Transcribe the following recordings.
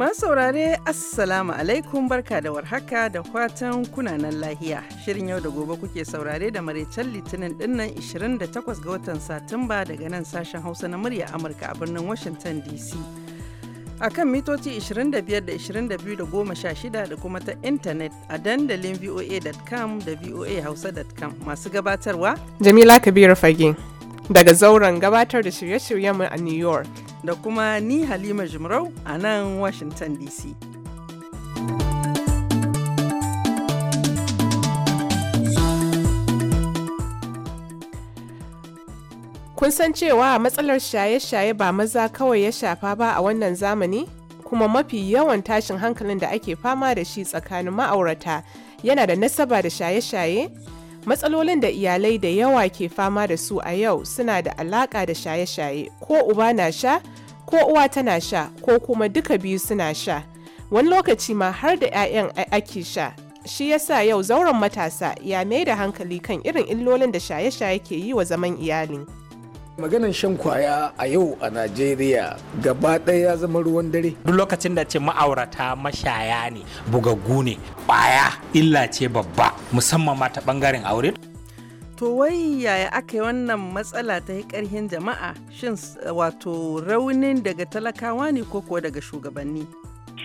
Masu saurare Assalamu alaikum barka da warhaka da fatan kunanan lahiya. Shirin yau da gobe kuke saurare da maraicen litinin dinnan 28 ga watan Satumba daga nan sashen Hausa na murya Amurka a birnin Washington DC. A kan mitoci 25 da 22 da da kuma ta intanet a dandalin voa.com da voahausa.com masu gabatarwa. Jamila Kabiru Fage daga zauren gabatar da shirye-shiryen a New York. da kuma ni Halima Jimrau a nan Washington DC. Kun san cewa matsalar shaye-shaye ba maza kawai ya shafa ba a wannan zamani? Kuma mafi yawan tashin hankalin da ake fama da shi tsakanin ma'aurata yana da nasaba da shaye-shaye matsalolin da iyalai da yawa ke fama da su a yau suna da alaƙa da shaye-shaye ko uba na sha ko uwa tana sha ko kuma duka biyu suna sha wani lokaci ma har da 'ya'yan ake sha shi yasa yau zauren matasa ya mai da hankali kan irin illolin da shaye-shaye ke yi wa zaman iyali maganan shan kwaya a yau a najeriya gaba ɗaya ya zama ruwan dare duk lokacin da ce ma'aurata mashaya ne bugaggu ne kwaya illa ce babba musamman ma ta bangaren aure to wai yaya aka yi wannan matsala ta yi karhin jama'a shin eh, wato raunin daga talakawa ne ko kuwa daga shugabanni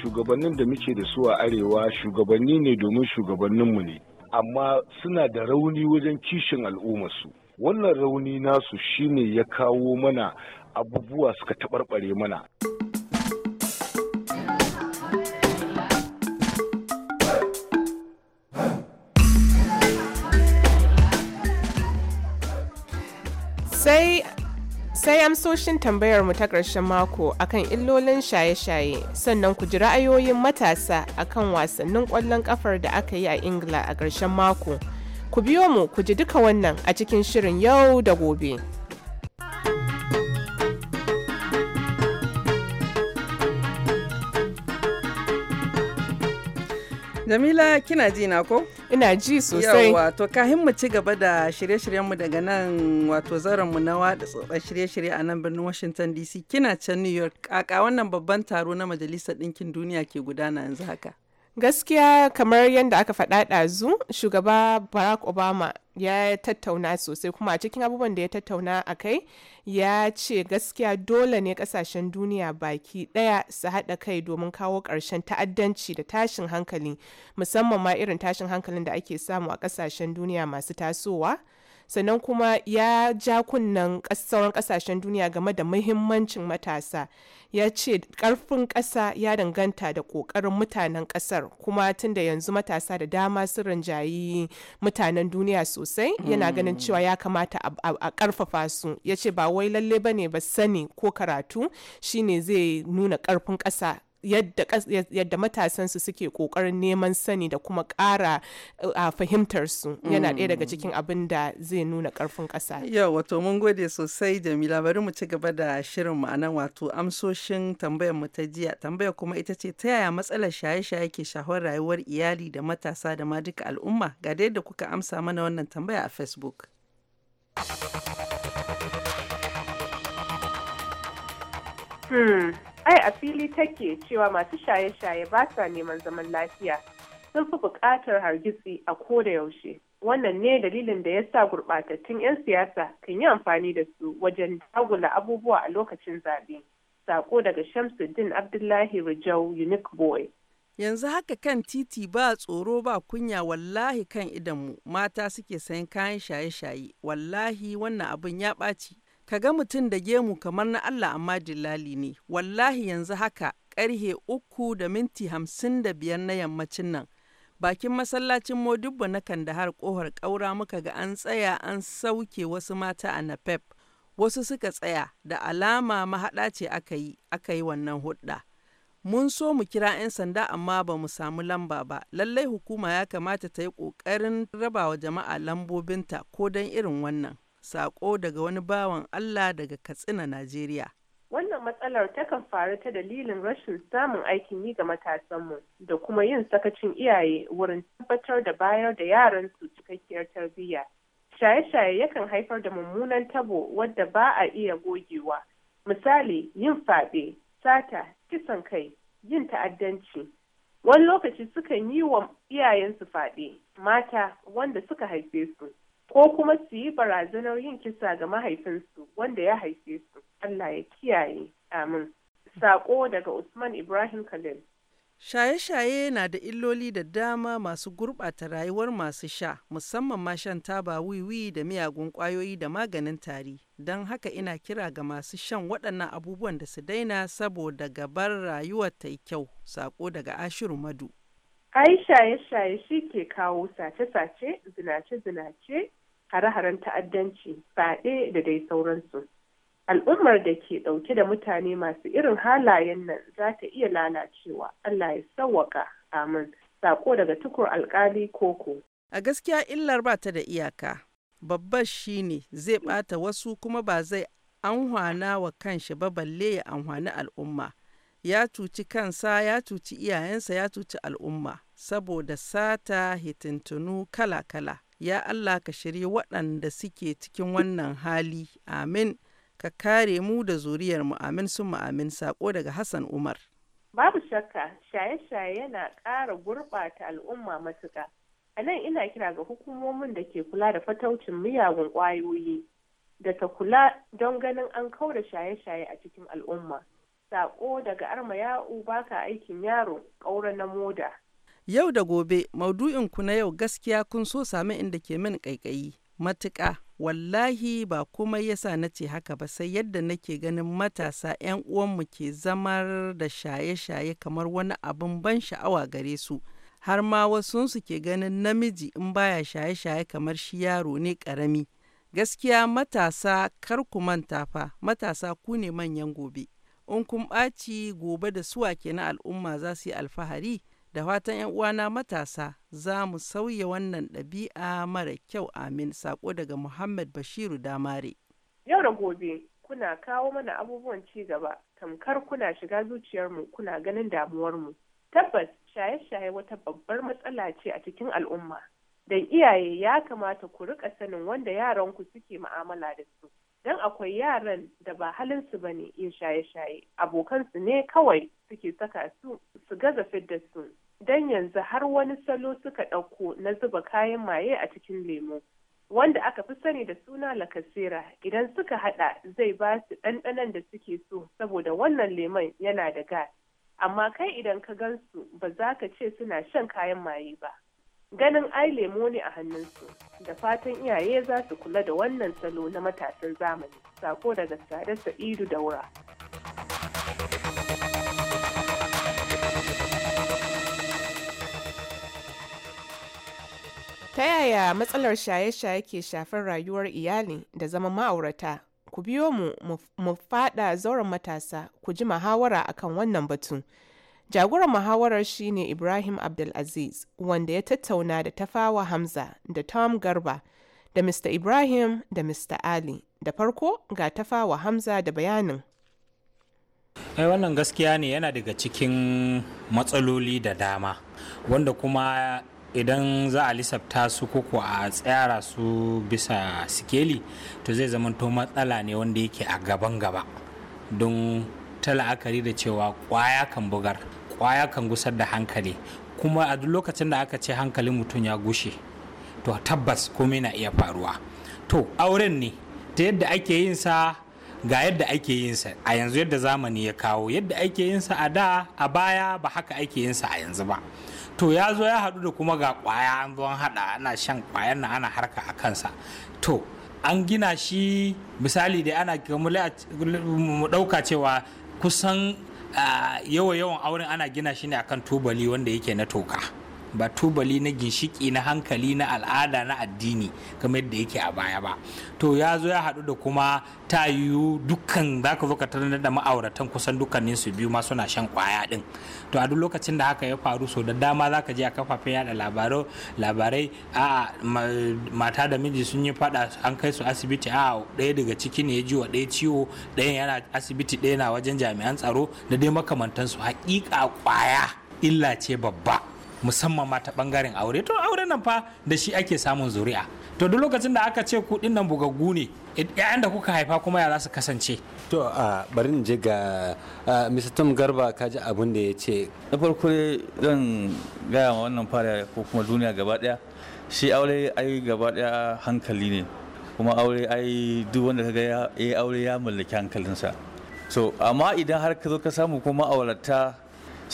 shugabannin da muke da su a arewa shugabanni ne domin shugabanninmu ne amma suna da rauni wajen kishin al'ummarsu wannan rauni nasu shine ya kawo mana abubuwa suka taɓarɓare mana sai amsoshin tambayar mu ta ƙarshen mako akan illolin shaye-shaye sannan ku ji ra'ayoyin matasa akan wasannin ƙwallon ƙafar da aka yi a ingila a ƙarshen mako Ku biyo mu ku ji duka wannan a cikin shirin yau da gobe. Jamila kina ji na ko? Ina ji sosai. Yawwa to kahin mu ci gaba da shirye-shiryenmu daga nan wato mu na wada tsotsar shirye-shirye a nan birnin Washington DC kina can New York a wannan babban taro na Majalisar Ɗinkin Duniya ke gudana yanzu haka. gaskiya kamar yadda aka faɗa ɗazu shugaba barack obama ya tattauna sosai kuma a cikin abubuwan da ya tattauna a kai ya ce gaskiya dole ne kasashen duniya baki ɗaya su haɗa kai domin kawo ƙarshen ta'addanci da tashin hankali musamman ma irin tashin hankalin da ake samu a ƙasashen duniya masu tasowa sannan kuma ya ja kunnen sauran kasashen duniya game da muhimmancin matasa ya ce karfin ƙasa ya danganta da ƙoƙarin mutanen ƙasar kuma tunda yanzu matasa da dama sun rinjayi mutanen duniya sosai yana ganin cewa ya kamata a ƙarfafa su ya ce ba wai lalle ba ne ba sani ko karatu shine zai nuna ƙarfin ƙasa yadda matasansu suke kokarin neman sani da kuma ƙara fahimtar su yana ɗaya daga cikin mm. abin da zai nuna karfin ƙasa. Yau wato mun gode sosai Jamila bari mu ci gaba da shirin ma'anan wato amsoshin tambayar mu ta jiya tambayar kuma ita ce ta yaya matsalar shaye-shaye ke shafar rayuwar iyali da matasa da ma duka al'umma ga da yadda kuka amsa mana wannan tambaya a Facebook. Hmm. ai a fili take cewa masu shaye-shaye ba sa neman zaman lafiya sun fi buƙatar hargitsi a koda yaushe wannan ne dalilin da ya sa gurɓatattun 'yan siyasa kan yi amfani da su wajen dagula abubuwa a lokacin zaɓe sako daga shamsuddin abdullahi rijau unique boy yanzu haka kan titi ba tsoro ba kunya wallahi kan idanmu mata suke sayan kayan shaye-shaye wallahi wannan abin ya ɓaci ka ga mutum da gemu kamar na Allah amma dillali ne wallahi yanzu haka karhe uku da minti hamsin da biyar na yammacin nan bakin masallacin modibbo na kandahar kohar ƙaura muka ga an tsaya an sauke wasu mata a napep wasu suka tsaya da alama mahaɗa ce aka yi aka yi wannan hudda mun so mu kira 'yan sanda amma ba mu samu lamba ba lallai hukuma ya kamata ta yi ƙoƙarin raba wa jama'a lambobinta ko don irin wannan Sako daga wani bawan Allah daga Katsina, Najeriya. Wannan matsalar takan faru ta dalilin rashin samun aikin yi ga matasanmu da kuma yin sakacin iyaye wurin tabbatar da bayar da yaran su cikakkiyar tarbiyya. Shaye-shaye yakan haifar da mummunan tabo wadda ba a iya gogewa. Misali, yin faɗe, sata, kisan kai, yin ta'addanci. Wani lokaci sukan yi wa iyayensu faɗe, mata wanda suka haife su. ko kuma su yi barazanar yin kisa ga mahaifinsu wanda ya haife su Allah ya kiyaye amin sako daga Usman Ibrahim Khalil Shaye-shaye na da illoli da dama masu gurɓata rayuwar masu sha, musamman ma shan taba wiwi da miyagun ƙwayoyi da maganin tari. Don haka ina kira ga masu shan waɗannan abubuwan da su daina saboda gabar rayuwar ta kyau, sako daga Ashiru Madu. Aisha ya shaye shi ke kawo sace-sace, zinace-zinace, hare-haren ta'addanci, faɗe da dai sauransu. Al'ummar da ke ɗauke da mutane masu irin halayen nan za ta iya lalacewa, Allah ya sawwaka, amin. Sako daga tukur alkali koko. A gaskiya illar ba ta da iyaka, babbar shi ne zai ɓata wasu kuma ba zai anhwana wa kanshi ba balle ya anhwani al'umma. ya cuci kansa ya cuci iyayensa ya cuci al'umma saboda sata hitintunu kala-kala. Ya Allah ka shirya waɗanda suke cikin wannan hali, amin. Ka kare mu da zuriyar mu amin sun amin sako daga Hassan Umar. Babu shakka, shaye-shaye yana ƙara gurɓata al'umma matuƙa. A nan ina kira ga hukumomin da ke kula da fataucin miyagun ƙwayoyi da ta kula don ganin an kaura shaye-shaye a cikin al'umma. Sako daga arma ya'u baka aikin yaro, ƙaura na moda. Yau da gobe, maudu'inku na yau gaskiya kun so sami inda ke min ƙaiƙayi, matuƙa, wallahi ba komai yasa na ce haka ba sai yadda nake ganin matasa 'yan uwanmu ke zamar da shaye-shaye kamar wani abin ban sha'awa gare su. Har ma su ke ganin namiji in baya shaye-shaye kamar shi yaro ne karami Gaskiya matasa kar ku manta fa, matasa ku ne manyan gobe. In kun ɓaci gobe da suwa ke na al'umma za su yi alfahari. Da fatan ‘yan uwana matasa za mu sauya wannan ɗabi'a mara kyau amin sako daga Muhammad Bashiru Damare. Yau da gobe kuna kawo mana abubuwan ci gaba tamkar kuna shiga zuciyar mu kuna ganin damuwar mu Tabbas shaye-shaye wata babbar matsala ce a cikin al'umma. Dan iyaye ya kamata ku rika sanin wanda yaranku suke ma'amala da su. dan akwai yaran da ba halinsu ba ne in shaye-shaye, Abokan su ne kawai suke saka su su gaza fidda su don yanzu har wani salo suka ɗauko na zuba kayan maye a cikin lemo wanda aka fi sani da suna lakasera idan suka haɗa zai ba su ɗanɗanan da suke so saboda wannan lemon yana da gas amma kai idan ka gansu ba za ka ce suna shan kayan maye ba ganin ai lemo ne a hannunsu da fatan iyaye za su kula da wannan salo na matasan zamani sako daga sada sa'idu daura Ta yaya matsalar shaye-shaye ke shafar rayuwar iyali da zama ma'aurata? Ku biyo mu mu fada zauren matasa ku ji muhawara akan wannan batu. Jagoran muhawarar shine Ibrahim Abdulaziz wanda ya tattauna da Tafawa Hamza da Tom Garba da Mr. Ibrahim da Mr. Ali. Da farko ga Tafawa Hamza da bayanin. Ai wannan gaskiya ne yana daga cikin matsaloli da dama wanda kuma idan za a lissafta su koko a tsara su bisa sikeli to zai zama zamanto matsala ne wanda yake a gaban gaba don ta la'akari da cewa kwaya kan bugar kwaya kan gusar da hankali kuma a duk lokacin da aka ce hankalin mutum ya gushe to tabbas komai na iya faruwa to auren ne ta yadda ake yin sa ga yadda ake yin sa a yanzu yadda zamani ya kawo yadda ake yin sa a da a baya ba haka ake yin sa a yanzu ba to ya zo ya haɗu da kuma ga ƙwaya an zo haɗa ana shan ƙwayan na ana harka a kansa to an gina shi misali da ana mu ɗauka cewa kusan ah, yawa yawan auren ana gina shi ne akan tubali wanda yake na toka ba tubali na ginshiki na hankali na al'ada na addini kamar yadda yake a baya ba to ya zo ya haɗu da kuma ta yiwu dukkan za ka zo ka tarar da ma'auratan kusan dukkanin su biyu ma suna shan kwaya din to a duk lokacin da haka ya faru so da dama za ka je a kafafen yada labarai labarai a mata da miji sun yi fada an kai su asibiti a ɗaya daga ciki ne ya ji wa ɗaya ciwo ɗayan yana asibiti ɗaya na wajen jami'an tsaro da dai su hakika kwaya illa ce babba musamman ma ta bangaren aure to auren nan fa da shi ake samun zuri'a to duk lokacin da aka ce kuɗin nan bugaggu ne yayan da kuka haifa kuma ya za su kasance to a bari in je ga Mr. Tom Garba ka ji abin da ya ce na farko zan gaya ma wannan fara ko kuma duniya gaba daya shi aure ai gaba daya hankali ne kuma aure ai duk wanda ga ya aure ya mallaki hankalinsa so amma idan har ka zo ka samu kuma ma'aurata.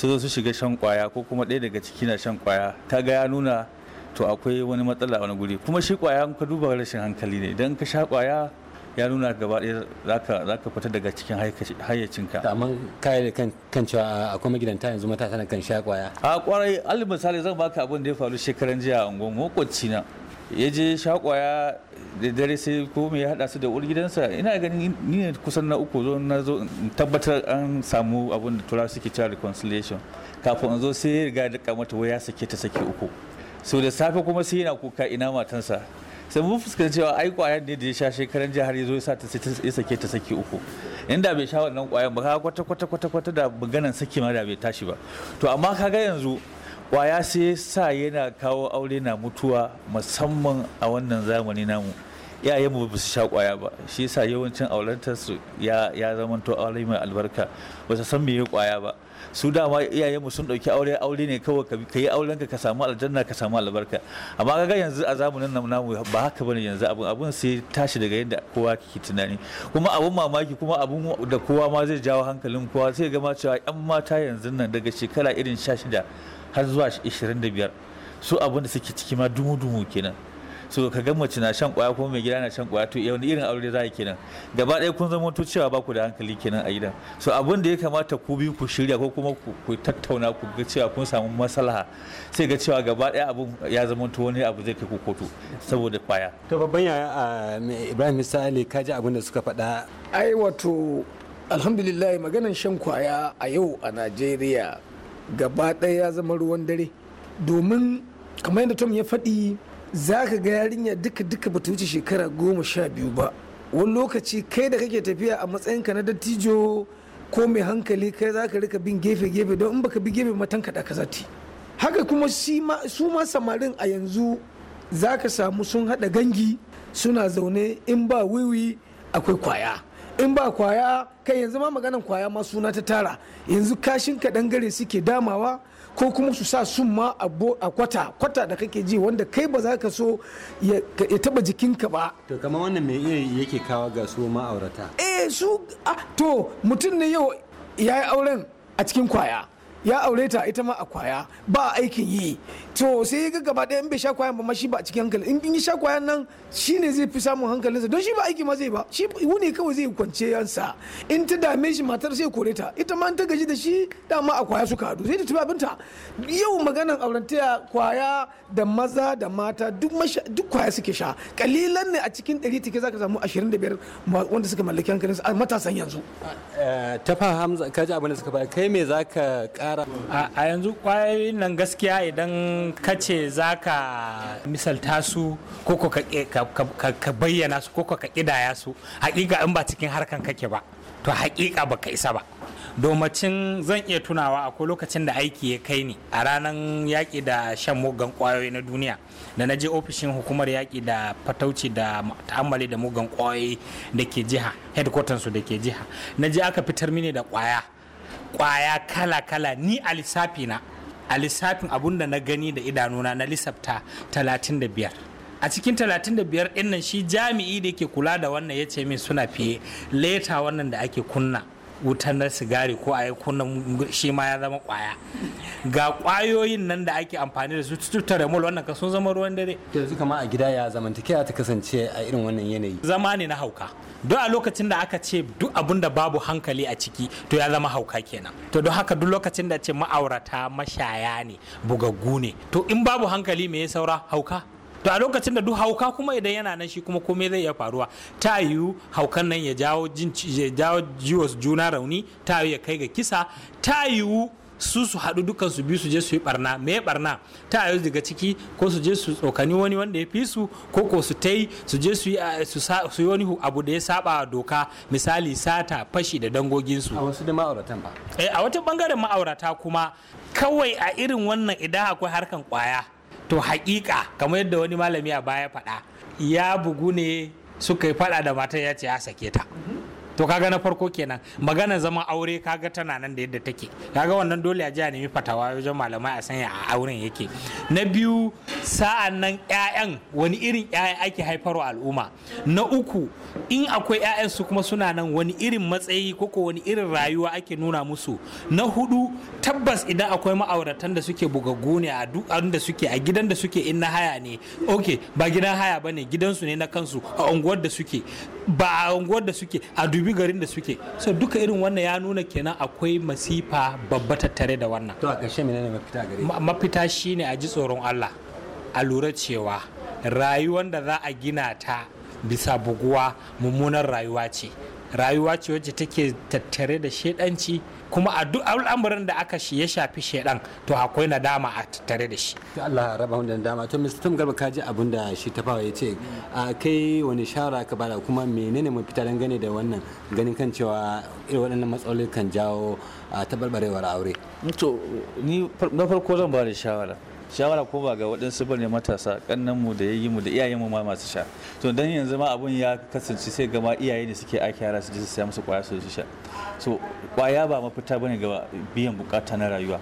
su zo su shiga shan kwaya ko kuma ɗaya daga ciki na shan kwaya ta ga ya nuna to akwai wani matsala wani guri kuma shi kwaya ka duba rashin hankali ne idan ka sha kwaya ya nuna gaba ɗaya za ka fita daga cikin hayyacinka amma kai kan kan cewa akwai magidanta yanzu matasa na kan sha kwaya a kwarai alli misali zan baka abin da ya faru shekaran jiya a unguwar makwabci na ya je shakwaya da dare sai ko mai hada su da uwar gidansa ina ganin ni ne kusan na uku zo na zo tabbatar an samu abin da turawa suke cewa reconciliation kafin in zo sai ya riga da mata waya sake ta sake uku so da safe kuma sai yana kuka ina matansa sai mun fuskanci cewa ai kwayar ne da ya sha shekaran jihar ya zo ya sa ta ya sake ta sake uku inda bai sha wannan kwayan ba kwata kwata kwata kwata da maganan sake ma da bai tashi ba to amma kaga yanzu kwaya sai sa yana kawo aure na mutuwa musamman a wannan zamani namu yayanmu ba su sha kwaya ba shi yasa yawancin aurantarsu ya ya to aure mai albarka ba su san meye kwaya ba su dama iyayenmu sun dauki aure aure ne kawai ka yi auren ka samu aljanna ka samu albarka amma kaga yanzu a zamanin namu ba haka bane yanzu abun abun sai tashi daga yadda kowa ke tunani kuma abun mamaki kuma abun da kowa ma zai jawo hankalin kowa sai ga ma cewa yan mata yanzu nan daga shekara irin shida. har zuwa 25 su abin da suke ciki ma dumu-dumu kenan so ka ga mace na shan kwaya kuma mai gida na shan kwaya to yau eh, irin aure za kenan gaba ɗaya kun zama to cewa ba da hankali kenan a gida so abin da ya kamata ku biyu ku shirya ko kuma ku tattauna ku ga cewa kun samu maslaha sai ga cewa gaba ɗaya abin ya zama to wani abu zai kai ku kotu saboda kwaya to babban yaya Ibrahim Misali ka ji abin da suka faɗa ai wato alhamdulillah maganan shan kwaya a yau a Najeriya gaba ɗaya ya zama ruwan dare domin kamar yadda tom ya faɗi za ka ga yarinya duka duka ba ta wuce shekara goma sha biyu ba wani lokaci kai da kake tafiya a matsayinka na dattijo ko mai hankali kai za ka rika bin gefe gefe don in baka bi gefe matan kaɗa ka zati haka kuma su ma samarin a yanzu za ka samu sun haɗa gangi suna zaune in ba wiwi akwai kwaya in ba kwaya kai yanzu ma maganan kwaya ma suna ta tara yanzu kashin ka dangare suke damawa ko kuma su sa sun ma a kwata kwata da kake ji wanda kai ba za ka so ya taba jikinka ba to kama wannan mai iya yake kawo ga su ma'aurata eh su ah, to mutum ne yau ya yi auren a cikin kwaya ya aure ta ita ma a kwaya ba aikin yi to sai ga gaba ɗaya in bai sha kwayan ba ma shi ba a cikin hankali in yi sha kwayan nan shi ne zai fi samun hankalinsa don shi ba aiki ma zai ba shi wuni kawai zai kwance yansa in ta dame shi matar sai kore ta ita ma ta gaji da shi dama a kwaya suka hadu sai ta tafi abinta yau maganan aurantaya kwaya da maza da mata duk duk kwaya suke sha kalilan ne a cikin ɗari take zaka samu ashirin da biyar wanda suka mallaki hankalinsa matasan yanzu eh, ta fa hamza kaji abin da suka ba kai me zaka a yanzu kwayoyin nan gaskiya idan ka ce za ka misalta su ko ka bayyana su ko ka kidaya su hakika in ba cikin harkan kake ba to hakika ka isa ba domacin zan iya tunawa akwai lokacin da aiki ya kai ni a ranar yaƙi da shan mugan ƙwayoyi na duniya da na je ofishin hukumar yaƙi da fatauci da ta'ammali da mugan ƙwayoyi da ke jiha headquarters da ke jiha na je aka fitar mini da ƙwaya kwaya kala-kala ni a lissafi na a lissafin abunda na gani da idanuna na lissafta 35 a cikin 35 din nan shi jami'i da ke kula da wannan ya ce min suna fiye leta wannan da ake kunna wutar na sigari ko a kunna shi ma ya zama kwaya ga kwayoyin nan da ake amfani da su cutar remol wannan ka sun zama ruwan dare yanzu kama a gida ya zamantakewa ta kasance a irin wannan yanayi zama ne na hauka duk a lokacin da aka ce duk abun da babu hankali a ciki to ya zama hauka kenan to don haka duk lokacin da ce ma'aurata mashaya ne bugaggu ne to in babu hankali me ya saura hauka to a lokacin da duk hauka kuma idan yana nan shi kuma komai zai iya faruwa ta yiwu haukan nan ya jawo jiwas juna rauni ta yiwu ya kai ga kisa ta yiwu su su haɗu dukkan su biyu su je su yi barna me barna ta ayo daga ciki ko su je su tsokani wani wanda ya fi su ko ko su tai su je su yi wani abu da ya saba doka misali sata fashi da dangoginsu a wasu da ma'auratan ba eh, a wata bangaren ma'aurata kuma kawai a irin wannan idan akwai harkan kwaya to haƙiƙa kamar yadda wani malami a baya faɗa ya bugu ne suka yi faɗa da matar ya ce ya sake ta mhm. to kaga na farko kenan magana zama aure kaga tana nan da yadda take kaga wannan dole a ji a nemi fatawa wajen malamai a sanya a auren yake na biyu sa'an nan ƴaƴan wani irin ƴaƴa ake haifarwa al'umma na uku in akwai ƴaƴan su kuma suna nan wani irin matsayi ko ko wani irin rayuwa ake nuna musu na hudu tabbas idan akwai ma'auratan da suke bugaggu ne a duk da suke a gidan da suke in na haya ne okay ba gidan haya bane gidansu ne na kansu a unguwar da suke ba a unguwar da suke a dubi garin da suke so duka irin wannan ya nuna kenan akwai masifa babba tattare da wannan to a ƙarshe menene mafita gare mafita shine a ji tsoron Allah a lura cewa rayuwar da za a gina ta bisa buguwa mummunar rayuwa ce rayuwa ce wacce take tattare da shedanci kuma a duk al'amuran da aka shi ya shafi shedan to akwai nadama a tattare da shi to Allah raba mu da nadama to Mr. Tom Garba kaji abin da shi tafawa ya ce a kai wani shawara ka bada kuma menene fita dangane da wannan ganin kan cewa irin waɗannan matsaloli kan jawo tabarbarewar aure to ni na farko zan ba da shawara shawara ko ba ga waɗansu bane matasa kannan mu da yi mu da iyayen mu ma masu sha to dan yanzu ma abun ya kasance sai gama iyaye ne suke aiki yara su je su saya musu kwaya su sha so kwaya ba mafita bane ga biyan bukata na rayuwa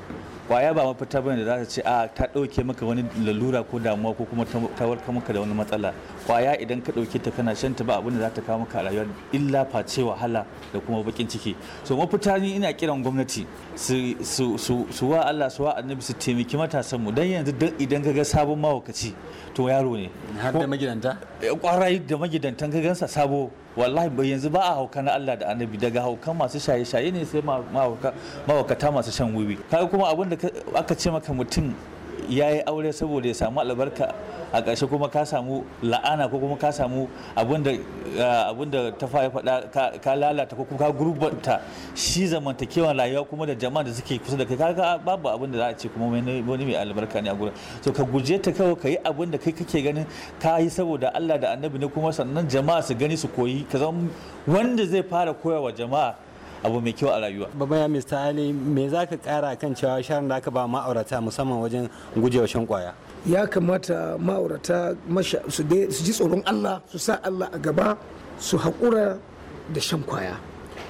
kwaya ba mafita bane da za ta ce a ta ɗauke maka wani lalura ko damuwa ko kuma ta warka maka da wani matsala kwaya idan ka ɗauke ta kana shan ta ba abin da za ta kawo maka rayuwa illa face wahala da kuma bakin ciki so mafita ni ina kiran gwamnati su wa Allah su wa annabi su taimaki matasan mu dan yanzu idan ka ga sabon mawakaci to yaro ne har da magidanta kwarai eh, da magidantan ka gansa sabo wallahi bai yanzu ba a hauka na Allah da annabi daga hauka masu shaye-shaye ne sai mahaukata masu shan wiwi kaga kuma abin da aka ce maka mutum ya yi aure saboda ya samu albarka a ƙarshe kuma ka samu la'ana ko kuma ka samu abinda ta fara faɗa ka lalata ko kuma ka gurbata shi zamantakewar rayuwa kuma da jama'a da suke kusa da kai kaga babu abin da za a ce kuma wani mai albarka ne a gurin to ka guje ta kawai ka yi abin da kai kake ganin ka yi saboda Allah da annabi ne kuma sannan jama'a su gani su koyi ka zama wanda zai fara koyawa jama'a abu mai kyau a rayuwa. Baba ya Mr. Ali me za ka kara kan cewa sharan da aka ba ma'aurata musamman wajen gujewa shan kwaya? ya kamata ma'aurata su ji tsoron allah su sa allah a gaba su haƙura da shan kwaya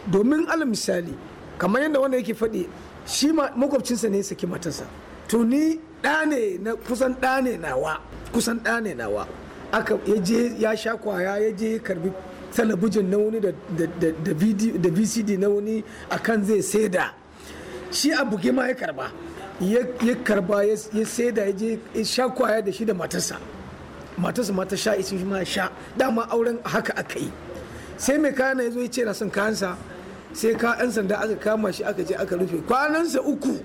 domin ala misali kamar yadda wanda yake faɗi shi makwabcinsa ne saki matarsa to ni ɗa ne na kusan ɗa ne nawa kusan ɗa ne nawa aka ya je ya sha kwaya ya je karbi talabijin na wani da vcd na wani akan zai saida shi a buge ma ya karba ya karba ya saida ya je ya sha kwaya da shi da matarsa matarsa mata sha isi ma sha dama auren haka aka yi sai mai kayan ya zo ya ce na son kayansa sai ka yan sanda aka kama shi aka je aka rufe kwanansa uku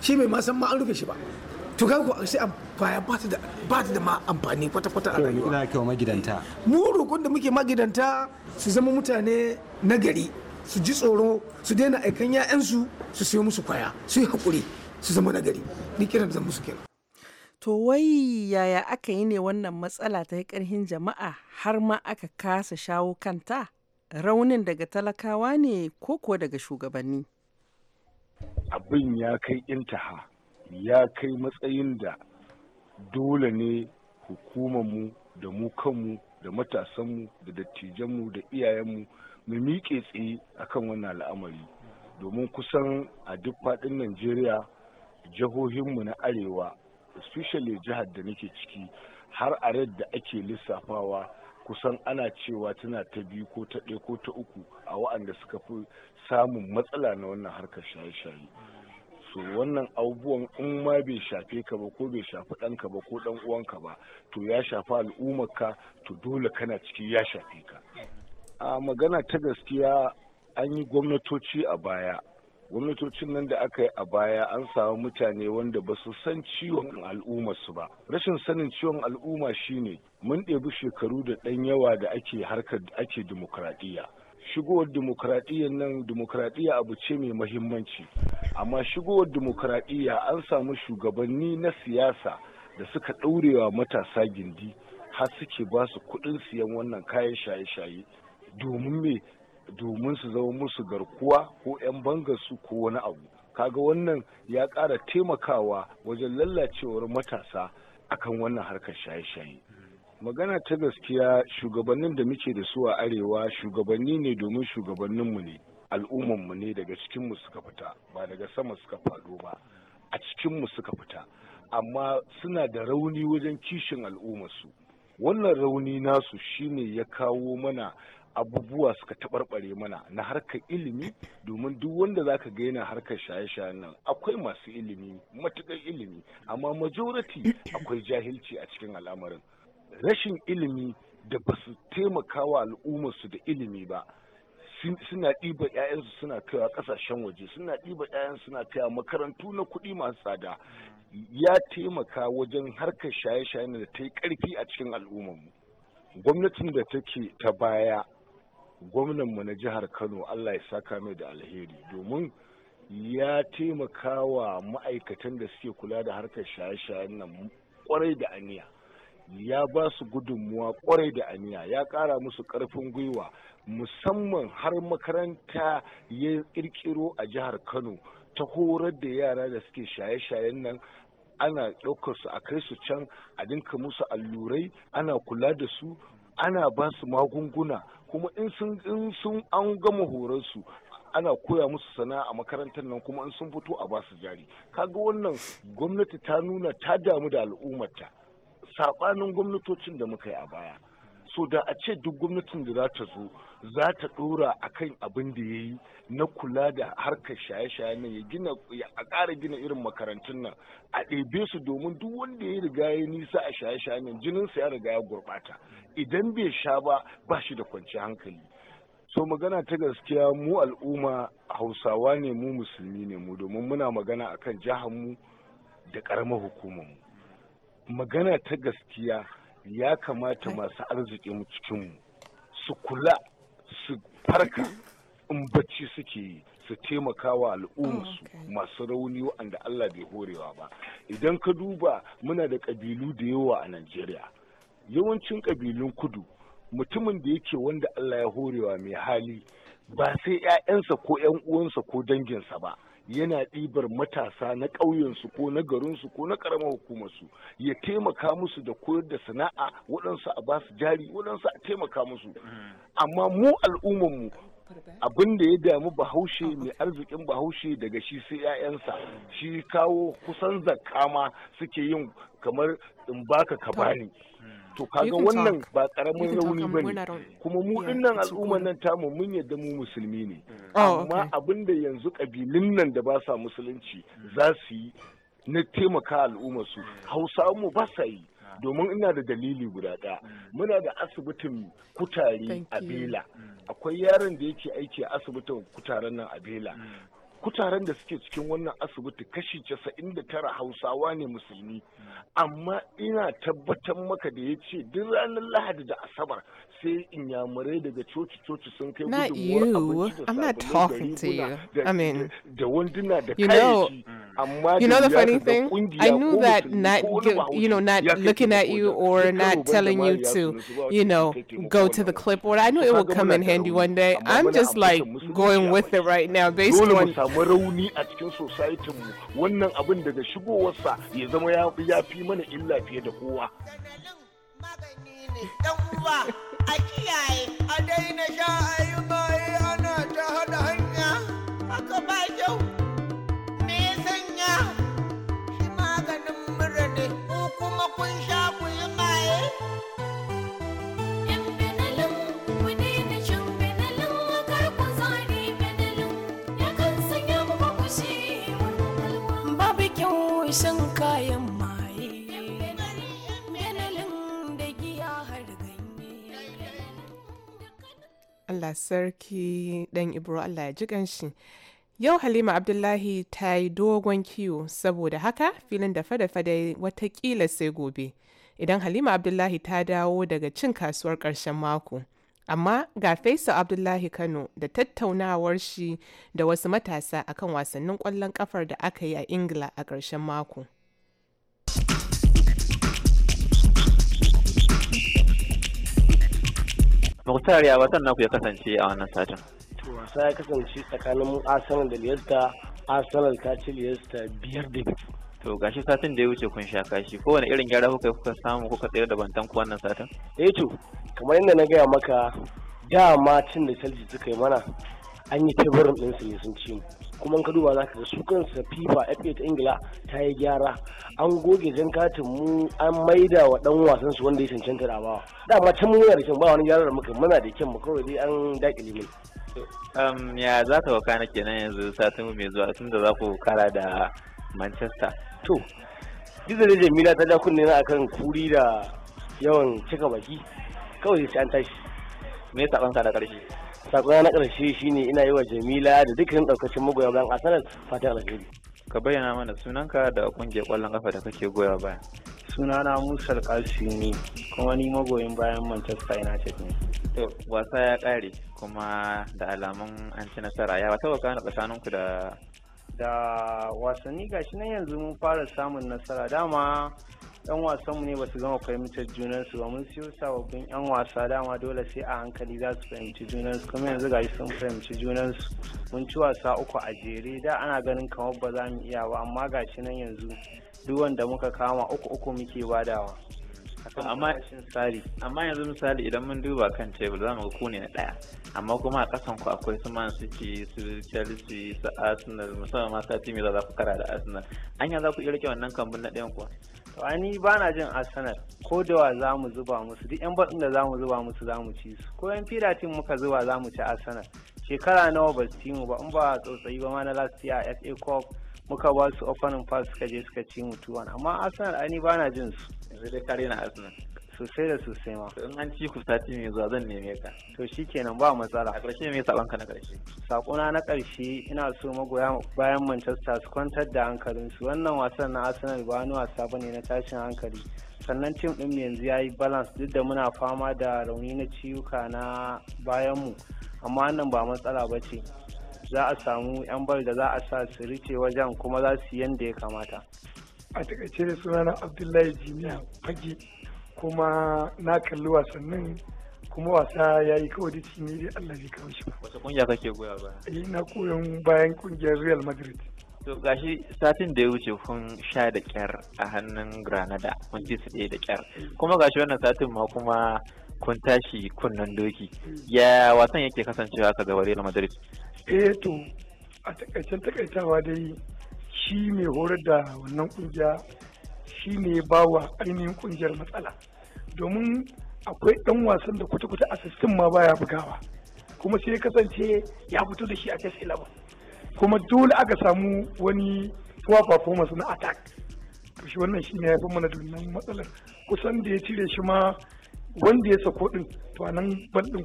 shi mai ma san ma an rufe shi ba to kaga sai kwaya ba ta da ba ta da ma amfani kwata kwata a rayuwa ina kyau magidanta mu roƙon da muke magidanta su zama mutane nagari su ji tsoro su daina aikan 'ya'yansu su sayo musu kwaya su yi haƙuri su zama nagari ni kiran zan musu kenan to wai yaya aka yi ne wannan matsala ta yi karhin jama'a har ma aka kasa shawo kanta raunin daga talakawa ne ko kuwa daga shugabanni abin ya kai intaha ya kai matsayin da dole ne hukumar mu da mu kanmu da matasanmu da dattijanmu da iyayenmu mu miƙe tsaye akan wannan al'amari domin kusan a duk faɗin najeriya jihohinmu na arewa especially jihar da nake ciki har a da ake lissafawa kusan ana cewa tana ta biyu ko ta ɗaya ko ta uku a wa'anda suka fi samun matsala na wannan harkar shaye-shaye so wannan abubuwan in ma bai shafe ka ba ko bai shafi ɗanka ba ko ɗan uwanka ba to ya shafi al'ummarka to dole kana ciki ya shafe ka a magana ta gaskiya an yi gwamnatoci a baya gwamnatocin nan da aka yi a baya an samu mutane wanda ba su san ciwon al'umma su ba rashin sanin ciwon al'umma shine mun ɗebi shekaru da ɗan yawa da ake harkar ake demokradiyya shigowar demokradiyyar nan demokradiyya abu ce mai mahimmanci amma shigowar demokradiyya an samu shugabanni na siyasa da suka ɗaurewa matasa gindi har suke ba su kuɗin siyan wannan kayan shaye-shaye domin me domin su zama musu garkuwa ko 'yan bangar su ko wani abu kaga wannan ya ƙara taimakawa wajen lallacewar matasa akan wannan harkar shaye-shaye magana ta gaskiya shugabannin da muke da su a arewa shugabanni ne domin shugabanninmu ne al'ummanmu ne daga cikinmu suka fita ba daga sama suka faɗo ba a cikinmu suka fita amma suna da rauni wajen kishin al'ummarsu wannan rauni nasu shine ya kawo mana abubuwa suka taɓarɓare mana na harkar ilimi domin duk wanda za ka gaina harkar shaye-shayen nan akwai masu ilimi matuƙar ilimi amma majority akwai jahilci a cikin al'amarin rashin ilimi da ba su taimaka wa al'ummarsu da ilimi ba suna ɗiba 'ya'yansu suna kaiwa ƙasashen waje suna ɗiba 'ya'yansu suna kaiwa makarantu na kuɗi masu tsada ya taimaka wajen harkar shaye-shayen da ta yi ƙarfi a cikin al'ummarmu gwamnatin da take ta baya gwamnan mu na jihar kano allah ya saka mai da alheri domin ya taimaka wa ma'aikatan da suke kula da harkar shaye-shayen nan kwarai da aniya ya ba su gudunmuwa kwarai da aniya ya kara musu karfin gwiwa musamman har makaranta ya kirkiro a jihar kano ta horar da yara da suke shaye-shayen nan ana ɗaukar su a kai su can a dinka musu allurai ana kula da su ana ba su magunguna kuma in sun sun an gama mahoransu ana koya musu sana'a a makarantar nan kuma in sun fito a basu jari kaga wannan gwamnati ta nuna ta damu da al'ummarta saɓanin gwamnatocin da muka yi a baya so da a ce duk gwamnatin da za ta zo za ta dora kan abin da ya yi na kula da harkar shaye-shaye nan ya gina a ƙara gina irin makarantun nan a ɗebe su domin duk wanda ya riga ya nisa a shaye-shaye nan jininsa ya riga ya gurɓata idan bai sha ba ba shi da kwanci hankali so magana ta gaskiya mu al'umma hausawa ne mu musulmi ne mu domin muna magana akan jihar mu da ƙaramar hukumar mu magana ta gaskiya ya kamata masu arzikin cikinmu su kula su farka in bacci suke yi su taimaka wa al'ummarsu oh, masu rauni wanda Allah bai horewa ba idan ka duba muna da ƙabilu da yawa a Najeriya yawancin ƙabilun kudu mutumin da yake wanda Allah ya horewa mai hali ba sai 'ya'yansa ko 'yan uwansa ko danginsa ba yana ɗibar matasa na ƙauyensu ko na garinsu ko na ƙaramar hukumarsu ya taimaka musu da koyar da sana'a waɗansu a basu jari waɗansu a taimaka musu mm-hmm. amma mu al'ummarmu abin da ya damu bahaushe mai arzikin bahaushe daga shi sai 'ya'yansa shi kawo kusan zakama suke yin kamar in baka ka bani to kaga wannan ba karamin rauni bane kuma mu dinnan al'ummar nan tamu mun yadda mu musulmi ne mm. oh, amma abin da yanzu kabilun nan da ba sa musulunci za su yi na taimaka al'ummar su mm. hausa mu ba sa yi domin ina da dalili guda ɗaya mm. muna da asibitin kutare a bela akwai yaron da yake aiki a asibitin kutaren nan a bela kutaren da suke cikin wannan asibiti kashi casa'in da tara hausawa ne musulmi amma ina tabbatar maka da ya ce duk ranar lahadi da asabar sai inyamurai daga coci coci sun kai gudunmuwar abinci da sabulun da da wanduna da kayashi You know the funny thing? I knew that not, you know, not looking at you or not telling you to, you know, go to the clipboard. I knew it would come in handy one day. I'm just like going with it right now basically. Allah sarki ɗan Ibro Allah ya ji ƙanshi. Yau Halima Abdullahi ta yi dogon kiwo saboda haka filin da fada-fada watakila sai gobe. Idan Halima Abdullahi ta dawo daga cin kasuwar ƙarshen mako. Amma ga Faisa Abdullahi Kano da tattaunawar shi da wasu matasa akan wasannin ƙwallon ƙafar da aka yi a Ingila a ƙarshen mako. Muktar ya watan naku ya kasance a wannan satin. Wasa ya kasance tsakanin Arsenal da Leicester, Arsenal ta ci Leicester biyar da biyu. To gashi satin da ya wuce kun sha kashi ko kowane irin gyara kuka kuka samu kuka tsayar da bantan ku wannan satin? Eh to kamar yadda na gaya maka dama cin da Chelsea suka yi mana an yi tabarin ɗinsu ne sun ci mu. kuma ka duba zaka ga su kansa FIFA FA ta Ingila ta yi gyara an goge jan katin mu an maida wa dan wasan su wanda ya cancanta da bawa dama can mun da kyan ba wani gyara da muka muna da kyan mu kawai dai an dakile mai um, ya za ta na kenan yanzu satin mai zuwa tun da za ku kara da Manchester to gizo da Jamila ta da kunne na akan kuri da yawan cika baki kawai sai an tashi me ya taɓanka da ƙarshe sakona na ƙarshe shine ina yi wa jamila da dukkan ɗaukacin magoya bayan arsenal fatan alheri ka bayyana mana sunanka da kungiyar ƙwallon ƙafa da kake goya baya sunana musa alƙasimi kuma ni magoyin bayan manchester united ne to wasa ya ƙare kuma da alamun an ci nasara ya wata wakana tsakaninku da da wasanni gashi nan yanzu mun fara samun nasara dama yan wasanmu ne ba su gama fahimtar junansu ba mun siyo sababbin yan wasa dama dole sai a hankali za su fahimci junansu kuma yanzu gashi sun fahimci junansu mun ci wasa uku a jere da ana ganin kamar ba za mu iya ba amma gashi nan yanzu duk wanda muka kama uku uku muke badawa amma yanzu misali idan mun duba kan tebur za mu ga ku ne na daya amma kuma a kasan ku akwai su man city su chelsea su arsenal musamman ma sati mai za ku kara da arsenal anya za ku iya rike wannan kambun na ɗayan kuwa wani ba na jin arsenal ko da wa za mu zuba musu duk yan baɗin da za mu zuba musu za mu ci su ko yan firatin muka zuba za mu ci arsenal shekara nawa ba su mu ba in ba tsotsayi ba ma na last year fa cup muka ba su opening pass suka je suka ci mu tuwan amma arsenal ani ba na jin su yanzu dai kare na arsenal sosai da sosai ma in an ci ku sati mai zuwa zan neme ka to shi kenan ba matsala a ƙarshe me sabon ka na ƙarshe sakona na ƙarshe ina so magoya bayan Manchester su kwantar da hankalinsu wannan wasan na Arsenal ba wani wasa bane na tashin hankali sannan tim ɗin yanzu ya yi balance duk da muna fama da rauni na ciwuka na bayanmu amma wannan ba matsala ba ce za a samu 'yan bal da za a sa su rice wajen kuma za su yi yadda ya kamata a takaice da sunana abdullahi Jimiya fage kuma na kalli wasannin kuma wasa ya yi kawai dace ne dai Allah zai kawo shi. Wace kungiya kake goya ba? Eh na koyon bayan kungiyar Real Madrid. To gashi satin da ya wuce kun sha da kyar a hannun Granada kun ci su ɗaya da kyar. Kuma gashi wannan satin ma kuma kun tashi kunnen doki. Ya wasan yake kasancewa ka ga Real Madrid? Eh to a takaicen takaitawa dai shi mai horar da wannan kungiya shi ne ba wa ainihin kungiyar matsala domin akwai ɗan wasan da kwata-kwata a sassan ma baya bugawa kuma sai ya kasance ya fito da shi a chess 11 kuma dole aka samu wani poor performance na attack to shi wannan shi ne ya fi mana dunnan matsalar kusan da ya cire shi ma wanda ya sako din to a nan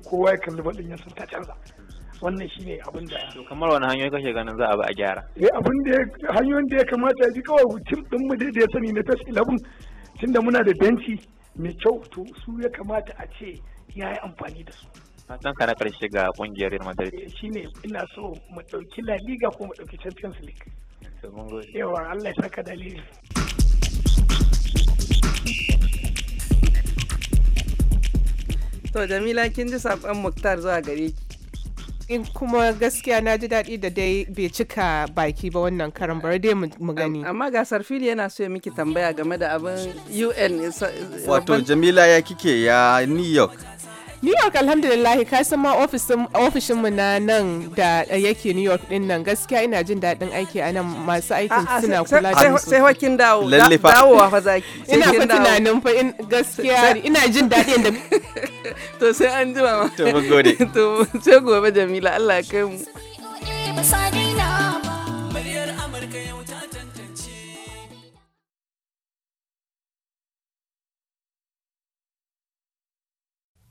kowa ya kalli bal ya san ta canza wannan shi ne abin da to kamar wani hanyoyi kake ganin za a bi a gyara eh abin da hanyoyin da ya kamata ya ji kawai tim din mu da ya sani na test 11 tunda muna da benci mai kyau to su ya kamata a ce ya yi amfani da su fatan ka na karshe ga kungiyar Real Madrid eh, shine ina so mu dauki La Liga ko mu dauki Champions League yawa Allah ya saka dalili To Jamila kin ji saƙon Muktar zuwa gare ki. in kuma gaskiya na ji daɗi da dai bai cika baki ba wannan karan bari dai mu gani amma gasar fili yana so ya miki tambaya game da abin un eh, eh, wato jamila ya kike ya new york New York alhamdulillah ka san ma mu na nan da yake New York din nan gaskiya ina jin daɗin aiki a nan masu aikin suna kula da su. Sai wakin dawo, dawowa fa zaki. Ina fa tunanin fa gaskiya ina jin daɗi da. To sai an jima ma. To gode. To sai gobe Jamila Allah ya kai mu.